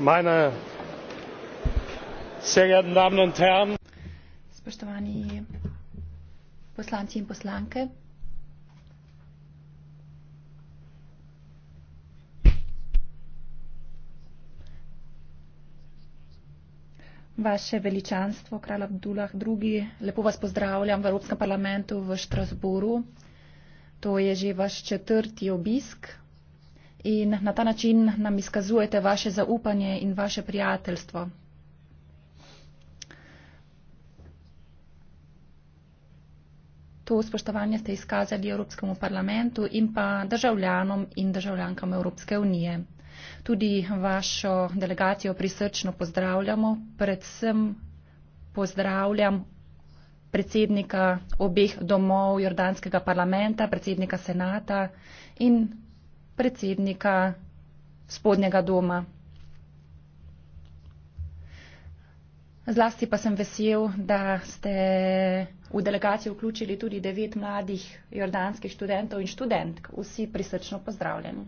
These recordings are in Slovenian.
meine sehr geehrten damen und herren spoštovani poslanci in poslanke vaše veličanstvo kralj abdulah drugi lepo vas pozdravljam v evropskem parlamentu v strasbourgu to je že vaš četrti obisk in na ta način nam izkazujete vaše zaupanje in vaše prijateljstvo. To spoštovanje ste izkazali Evropskemu parlamentu in pa državljanom in državljankam Evropske unije. Tudi vašo delegacijo prisrčno pozdravljamo, predvsem pozdravljam predsednika obeh domov Jordanskega parlamenta, predsednika senata in predsednika spodnjega doma. Zlasti pa sem vesel, da ste v delegacijo vključili tudi devet mladih jordanskih študentov in študentk. Vsi prisrčno pozdravljeni.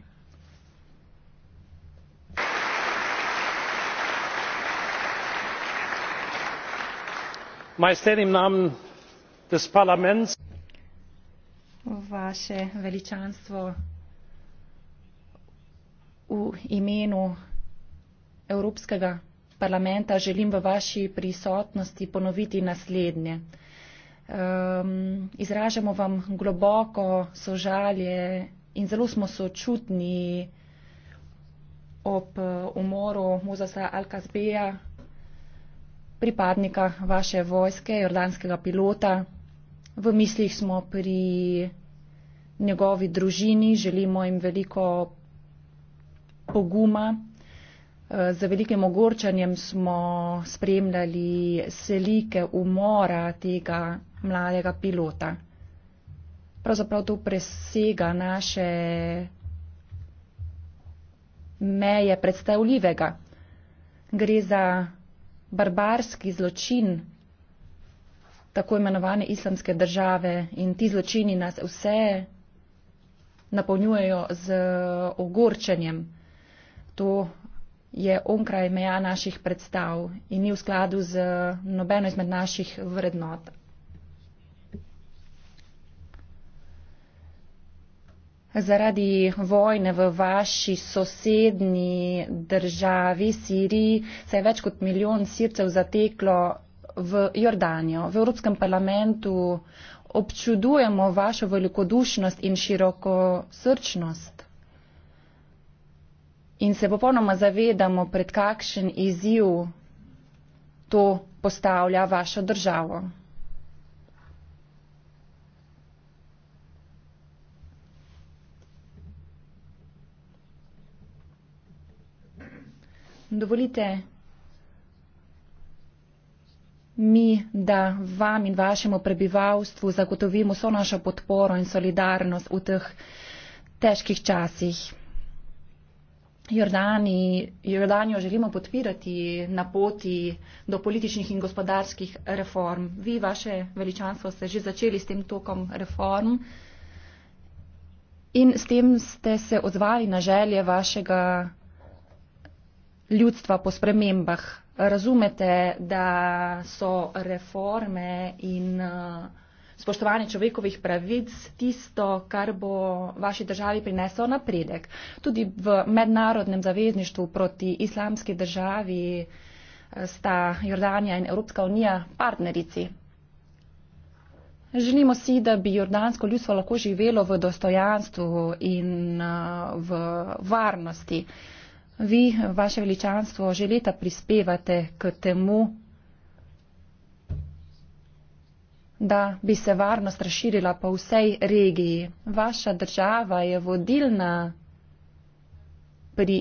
Vaše veličanstvo, v imenu Evropskega parlamenta želim v vaši prisotnosti ponoviti naslednje. Um, izražamo vam globoko sožalje in zelo smo sočutni ob eh, umoru Mozasa Al-Kazbeja, pripadnika vaše vojske, jordanskega pilota. V mislih smo pri njegovi družini, želimo jim veliko poguma. Eh, z velikim ogorčanjem smo spremljali slike umora tega mladega pilota. Pravzaprav to presega naše meje predstavljivega. Gre za barbarski zločin tako imenovane islamske države in ti zločini nas vse napolnjujejo z ogorčenjem to je onkraj meja naših predstav in ni v skladu z nobeno izmed naših vrednot. Zaradi vojne v vaši sosednji državi Siriji se je več kot milijon sircev zateklo v Jordanijo. V Evropskem parlamentu občudujemo vašo velikodušnost in široko srčnost in se popolnoma zavedamo, pred kakšen izziv to postavlja vašo državo. Dovolite mi, da vam in vašemu prebivalstvu zagotovimo vso našo podporo in solidarnost v teh težkih časih. Jordani, Jordanijo želimo podpirati na poti do političnih in gospodarskih reform. Vi, vaše veličanstvo, ste že začeli s tem tokom reform in s tem ste se odzvali na želje vašega ljudstva po spremembah. Razumete, da so reforme in uh, spoštovanje človekovih pravic tisto, kar bo vaši državi prineslo napredek. Tudi v mednarodnem zavezništvu proti islamski državi eh, sta Jordanija in Evropska unija partnerici. Želimo si, da bi jordansko ljudstvo lahko živelo v dostojanstvu in eh, v varnosti. Vi, vaše veličanstvo, že leta prispevate k temu, da bi se varnost razširila po vsej regiji. Vaša država je vodilna pri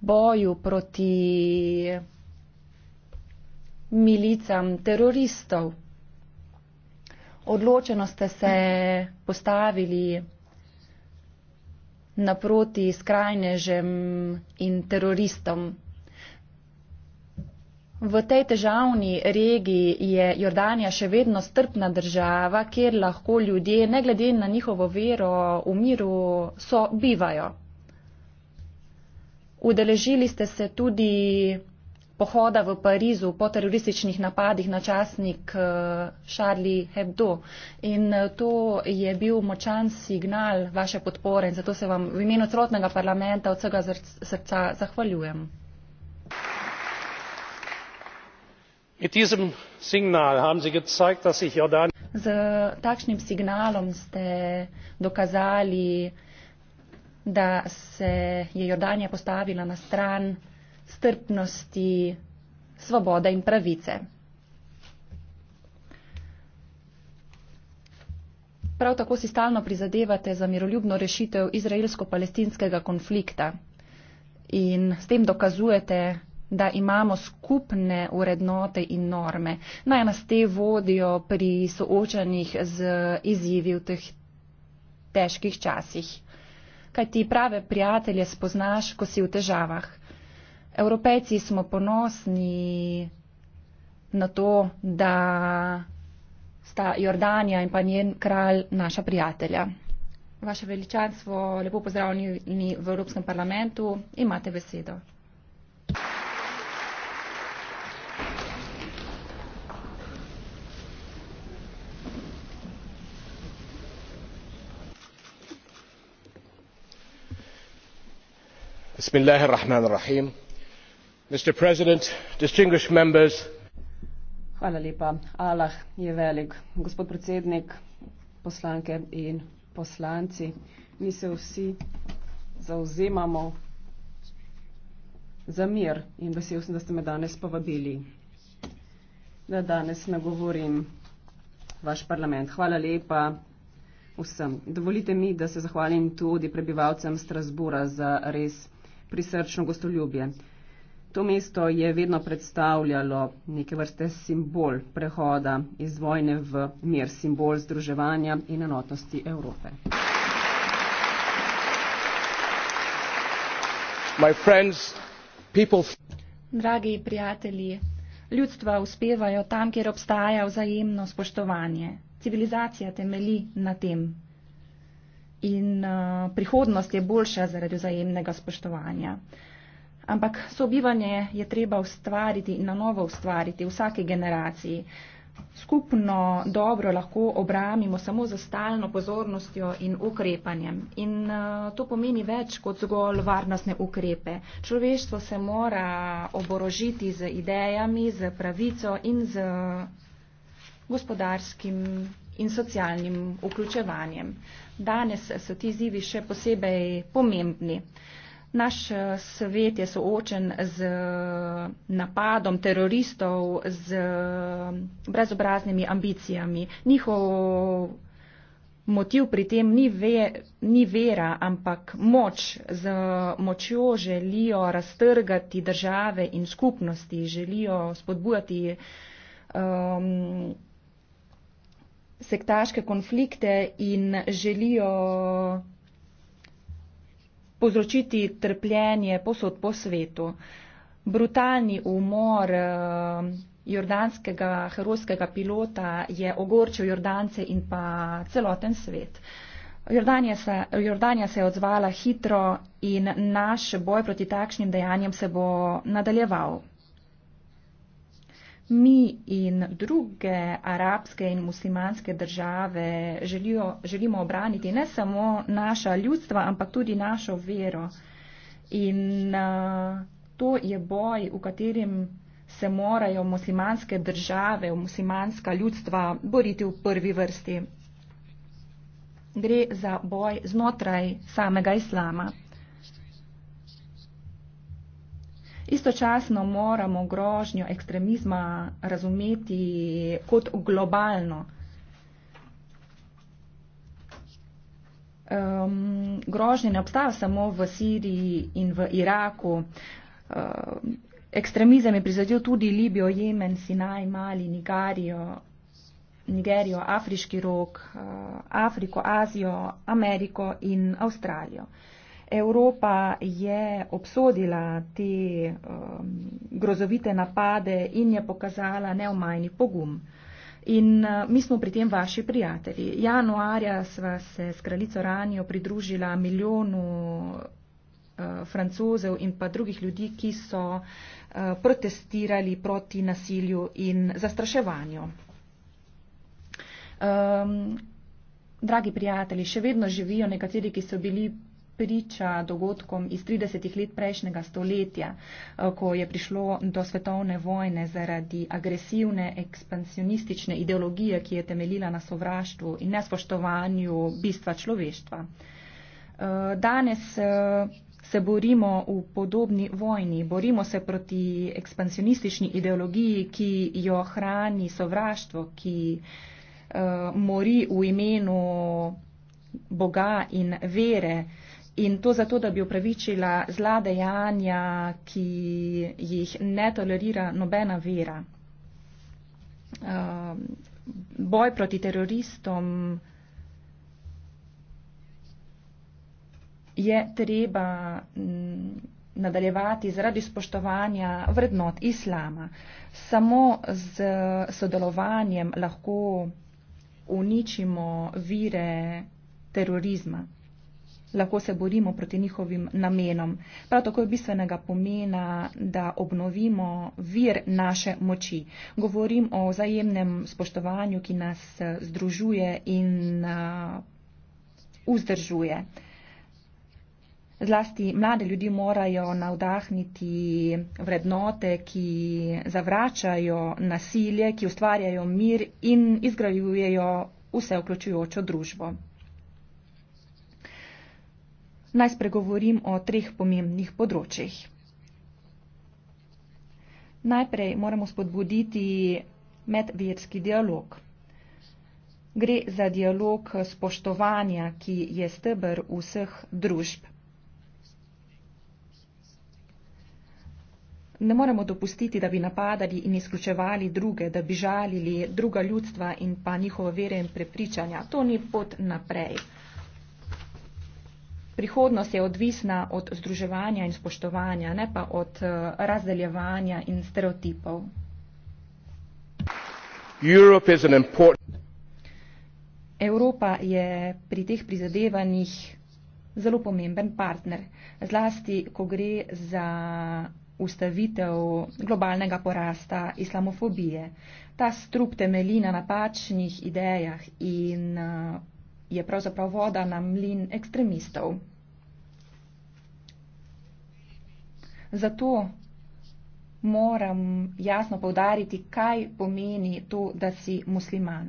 boju proti milicam teroristov. Odločeno ste se postavili naproti skrajnežem in teroristom. V tej težavni regiji je Jordanija še vedno strpna država, kjer lahko ljudje, ne glede na njihovo vero, v miru so bivajo. Udeležili ste se tudi pohoda v Parizu po terorističnih napadih na časnik eh, Charlie Hebdo. In eh, to je bil močan signal vaše podpore in zato se vam v imenu celotnega parlamenta od vsega srca zahvaljujem. mit diesem signal haben sie gezeigt dass sich jordanien. s takšnim signalom ste dokazali da se je jordanija postavila na stran strpnosti svobode in pravice. Prav tako si stalno prizadevate za miroljubno rešitev izraelsko-palestinskega konflikta in s tem dokazujete, da imamo skupne urednote in norme. Naj nas te vodijo pri soočanjih z izzivi v teh težkih časih. Kaj ti prave prijatelje spoznaš, ko si v težavah? Evropejci smo ponosni na to, da sta Jordanija in pa njen kralj naša prijatelja. Vaše veličanstvo, lepo pozdravljeni v Evropskem parlamentu, imate besedo. allah je velik gospod predsednik poslanke in poslanci mi se vsi zavzemamo za mir in vesel sem da ste me danes povabili da danes nagovorim vaš parlament hvala lepa vsem dovolite mi da se zahvalim tudi prebivalcem strasbourga za res prisrčno gostoljubje. To mesto je vedno predstavljalo neke vrste simbol prehoda iz vojne v mir, simbol združevanja in enotnosti Evrope. Friends, people... Dragi prijatelji, ljudstva uspevajo tam, kjer obstaja vzajemno spoštovanje. Civilizacija temeli na tem in uh, prihodnost je boljša zaradi vzajemnega spoštovanja. Ampak sobivanje je treba ustvariti in na novo ustvariti vsake generaciji. Skupno dobro lahko obramimo samo z stalno pozornostjo in ukrepanjem. In uh, to pomeni več kot zgolj varnostne ukrepe. Človeštvo se mora oborožiti z idejami, z pravico in z gospodarskim in socialnim vključevanjem. Danes so ti zivi še posebej pomembni. Naš eh, svet je soočen z eh, napadom teroristov, z eh, brezobraznimi ambicijami. Njihov motiv pri tem ni, ve, ni vera, ampak moč. Z močjo želijo raztrgati države in skupnosti, želijo spodbujati. Um, sektaške konflikte in želijo povzročiti trpljenje posod po svetu. Brutalni umor eh, jordanskega herojskega pilota je ogorčil Jordance in pa celoten svet. Jordanija se, Jordanija se je odzvala hitro in naš boj proti takšnim dejanjem se bo nadaljeval mi in druge arabske in muslimanske države želijo, želimo obraniti ne samo naša ljudstva, ampak tudi našo vero. In uh, to je boj, v katerem se morajo muslimanske države, muslimanska ljudstva boriti v prvi vrsti. Gre za boj znotraj samega islama. Istočasno moramo grožnjo ekstremizma razumeti kot globalno. Um, grožnje ne obstajajo samo v Siriji in v Iraku. Um, ekstremizem je prizadel tudi Libijo, Jemen, Sinaj, Mali, Nigarijo, Nigerijo, Afriški rok, uh, Afriko, Azijo, Ameriko in Avstralijo. Uh, Evropa je obsodila te um, grozovite napade in je pokazala neomajni pogum. In uh, mi smo pri tem vaši prijatelji. Januarja sva se s kraljico Ranijo pridružila milijonu uh, francozev in pa drugih ljudi, ki so uh, protestirali proti nasilju in zastraševanju. Um, dragi prijatelji, še vedno živijo nekateri, ki so bili priča dogodkom iz 30 let prejšnjega stoletja, eh, ko je prišlo do svetovne vojne zaradi agresivne ekspansionistične ideologije, ki je temeljila na sovraštvu in nespoštovanju bistva človeštva. Eh, danes eh, se borimo v podobni vojni, borimo se proti ekspansionistični ideologiji, ki jo hrani sovraštvo, ki mori v imenu Boga in vere. In to zato, da bi upravičila zla dejanja, ki jih ne tolerira nobena vera. Uh, boj proti teroristom je treba mm, nadaljevati zaradi spoštovanja vrednot islama. Samo z sodelovanjem lahko uničimo vire terorizma lahko se borimo proti njihovim namenom. Prav tako je bistvenega pomena, da obnovimo vir naše moči. Govorim o vzajemnem spoštovanju, ki nas eh, združuje in eh, vzdržuje. Zlasti mlade ljudi morajo navdahniti vrednote, ki zavračajo nasilje, ki ustvarjajo mir in izgrajujejo vse vključujočo družbo naj spregovorim o treh pomembnih področjih. Najprej moramo spodbuditi medvedski dialog. Gre za dialog spoštovanja, ki je stebr vseh družb. Ne moremo dopustiti, da bi napadali in izključevali druge, da bi žalili druga ljudstva in pa njihove vere in prepričanja. To ni pot naprej prihodnost je odvisna od združevanja in spoštovanja, ne pa od eh, razdeljevanja in stereotipov. Evropa je pri teh prizadevanjih zelo pomemben partner, zlasti ko gre za ustavitev globalnega porasta islamofobije. Ta strup temelji na napačnih idejah in eh, je pravzaprav voda na mlin ekstremistov. Zato moram jasno povdariti, kaj pomeni to, da si musliman.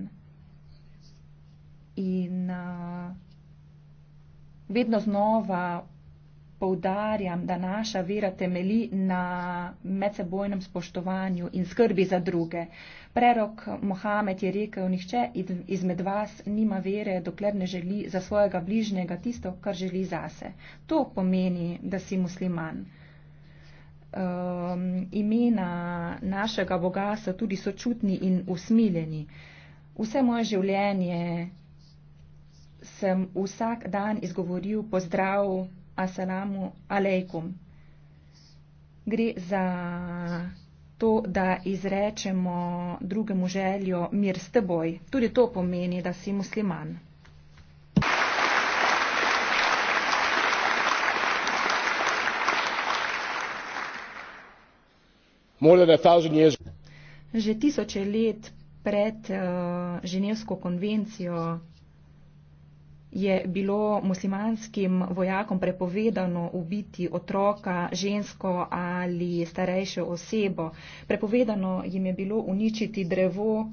In uh, vedno znova povdarjam, da naša vera temeli na medsebojnem spoštovanju in skrbi za druge. Prerok Mohamed je rekel, nihče izmed vas nima vere, dokler ne želi za svojega bližnjega tisto, kar želi zase. To pomeni, da si musliman um, imena našega Boga so tudi sočutni in usmiljeni. Vse moje življenje sem vsak dan izgovoril pozdrav Asalamu Aleikum. Gre za to, da izrečemo drugemu željo mir s teboj. Tudi to pomeni, da si musliman. Že tisoče let pred uh, Ženevsko konvencijo je bilo muslimanskim vojakom prepovedano ubiti otroka, žensko ali starejšo osebo. Prepovedano jim je bilo uničiti drevo,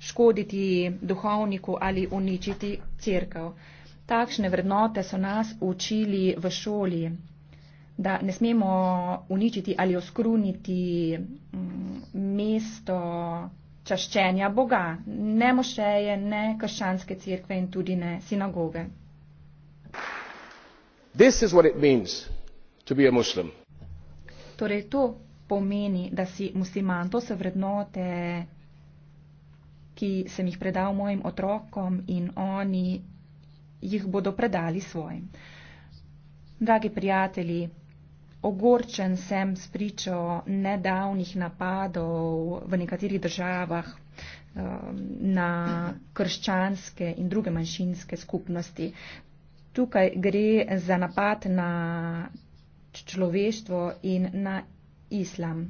škoditi duhovniku ali uničiti crkav. Takšne vrednote so nas učili v šoli da ne smemo uničiti ali oskruniti mm, mesto čaščenja Boga, ne mošeje, ne krščanske cerkve in tudi ne sinagoge. Torej to pomeni, da si musliman, to so vrednote, ki sem jih predal mojim otrokom in oni jih bodo predali svojim. Dragi prijatelji, ogorčen sem s pričo nedavnih napadov v nekaterih državah um, na krščanske in druge manjšinske skupnosti. Tukaj gre za napad na človeštvo in na islam.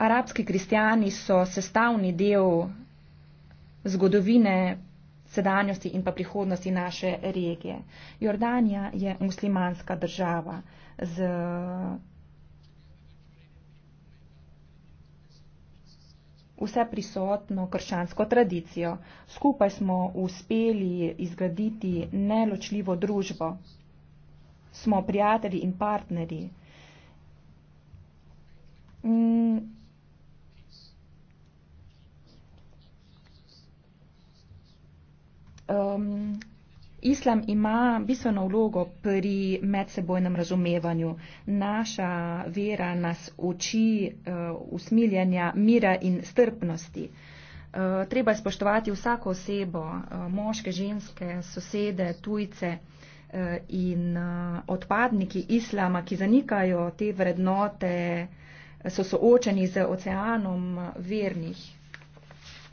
Arabski kristijani so sestavni del zgodovine sedanjosti in pa prihodnosti naše regije. Jordanija je muslimanska država z vse prisotno krščansko tradicijo. Skupaj smo uspeli izgraditi neločljivo družbo. Smo prijatelji in partneri. 嗯。Mm. um, islam ima bistveno vlogo pri medsebojnem razumevanju. Naša vera nas uči uh, usmiljanja mira in strpnosti. Uh, treba je spoštovati vsako osebo, uh, moške, ženske, sosede, tujce uh, in odpadniki islama, ki zanikajo te vrednote, so soočeni z oceanom vernih.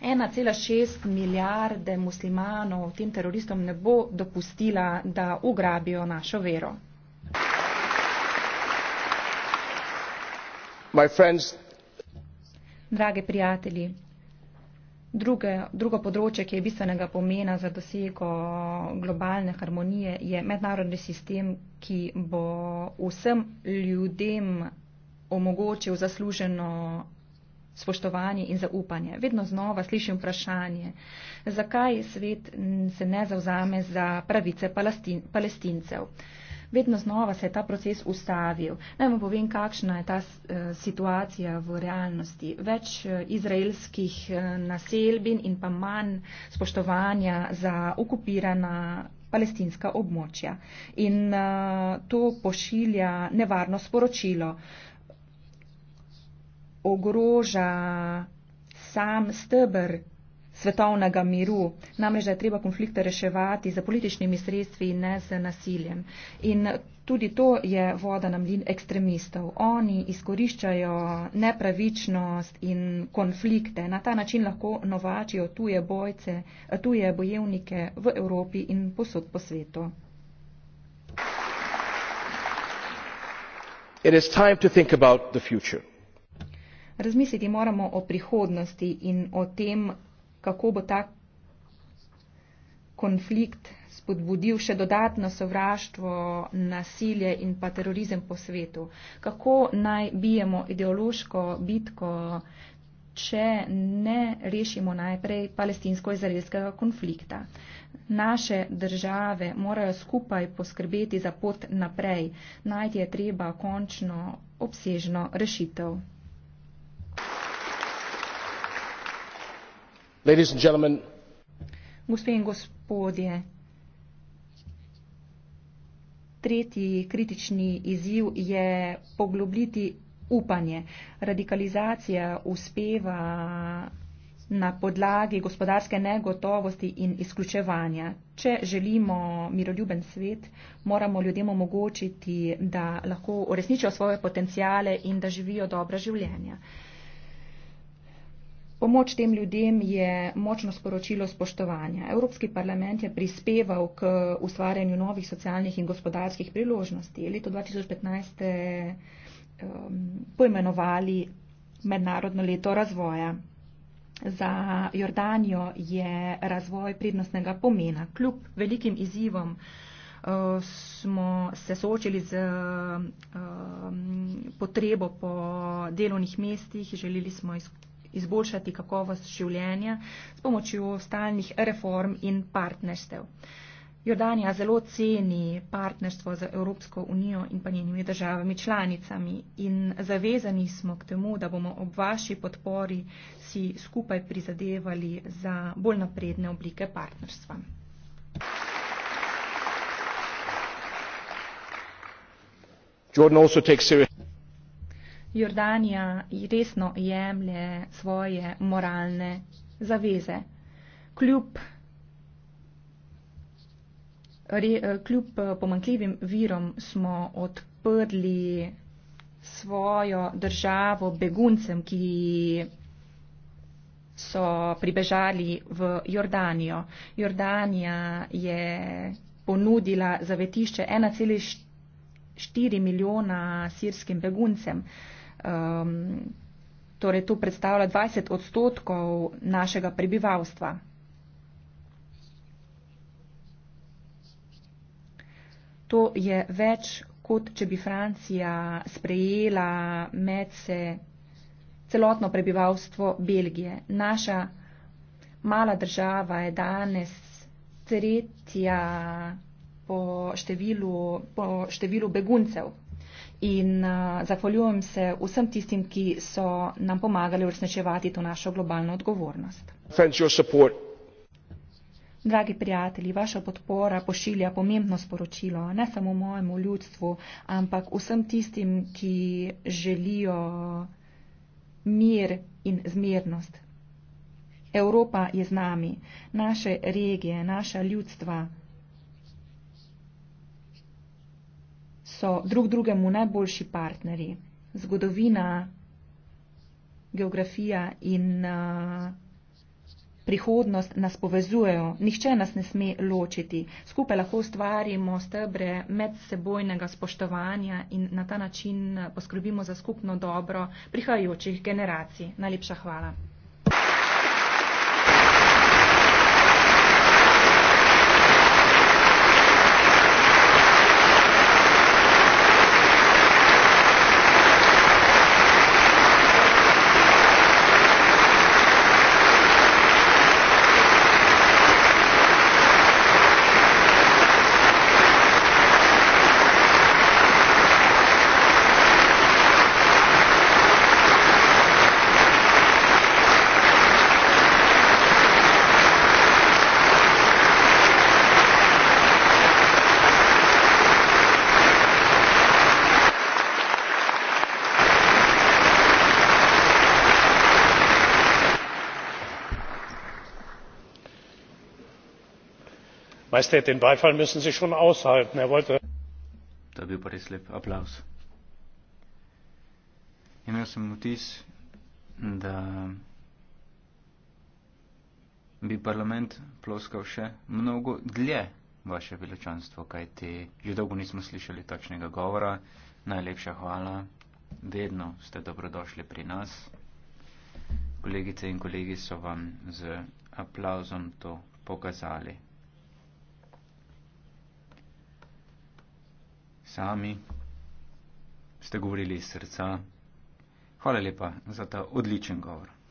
1,6 milijarde muslimanov tem teroristom ne bo dopustila, da ugrabijo našo vero. Drage prijatelji, druge, drugo področje, ki je bistvenega pomena za dosego globalne harmonije, je mednarodni sistem, ki bo vsem ljudem omogočil zasluženo spoštovanje in zaupanje. Vedno znova slišim vprašanje, zakaj svet se ne zavzame za pravice palestin, palestincev. Vedno znova se je ta proces ustavil. Naj vam povem, kakšna je ta e, situacija v realnosti. Več e, izraelskih e, naselbin in pa manj spoštovanja za okupirana palestinska območja. In uh, to pošilja nevarno sporočilo. Uh, ogroža sam stebr svetovnega miru, namreč, da je treba konflikte reševati za političnimi sredstvi in ne z nasiljem. In tudi to je voda na mlin ekstremistov. Oni izkoriščajo nepravičnost in konflikte. Na ta način lahko novačijo tuje bojce, tuje bojevnike v Evropi in posod po svetu. It is time to think about the future. Razmisliti moramo o prihodnosti in o tem, kako bo ta konflikt spodbudil še dodatno sovraštvo, nasilje in pa terorizem po svetu. Kako naj bijemo ideološko bitko, če ne rešimo najprej palestinsko-izraelskega konflikta. Naše države morajo skupaj poskrbeti za pot naprej. Najti je treba končno obsežno rešitev. ladies and gentlemen gospe in gospodje tretji kritični izziv je poglobiti upanje radikalizacija uspeva na podlagi gospodarske negotovosti in izključevanja. Če želimo miroljuben svet, moramo ljudem omogočiti, da lahko uresničijo svoje potencijale in da živijo dobra življenja. Pomoč tem ljudem je močno sporočilo spoštovanja. Evropski parlament je prispeval k ustvarjanju novih socialnih in gospodarskih priložnosti. Leto 2015 ste um, poimenovali mednarodno leto razvoja. Za Jordanijo je razvoj prednostnega pomena. Kljub velikim izzivom uh, smo se soočili z um, potrebo po delovnih mestih, želeli smo izkušnjo izboljšati kakovost življenja s pomočjo stalnih reform in partnerstev. Jordanija zelo ceni partnerstvo z Evropsko unijo in pa njenimi državami članicami in zavezani smo k temu, da bomo ob vaši podpori si skupaj prizadevali za bolj napredne oblike partnerstva. Jordan also takes serious. Jordanija resno jemlje svoje moralne zaveze. Kljub, re, eh, kljub eh, pomankljivim virom smo odprli svojo državo beguncem, ki so pribežali v Jordanijo. Jordanija je ponudila zavetišče 1,4 milijona sirskim beguncem um, torej to predstavlja 20 odstotkov našega prebivalstva. To je več, kot če bi Francija sprejela med se celotno prebivalstvo Belgije. Naša mala država je danes tretja po številu, po številu beguncev in uh, zahvaljujem se vsem tistim, ki so nam pomagali uresničevati to našo globalno odgovornost. Friends, Dragi prijatelji, vaša podpora pošilja pomembno sporočilo ne samo mojemu ljudstvu, ampak vsem tistim, ki želijo mir in zmernost. Evropa je z nami, naše regije, naša ljudstva. so drug drugemu najboljši partnerji. Zgodovina, geografija in prihodnost nas povezujejo. Nihče nas ne sme ločiti. Skupaj lahko ustvarimo stebre medsebojnega spoštovanja in na ta način poskrbimo za skupno dobro prihajajočih generacij. Najlepša hvala. majestät den beifall müssen sie schon aushalten. er wollte. da bi pa res lep aplaus. imel sem vtis da bi parlament ploskal še mnogo dlje vaše veličanstvo kajti že dolgo nismo slišali točnega govora najlepša hvala vedno ste dobrodošli pri nas kolegice in kolegi so vam z aplauzom to pokazali. sami, ste govorili iz srca. Hvala lepa za ta odličen govor.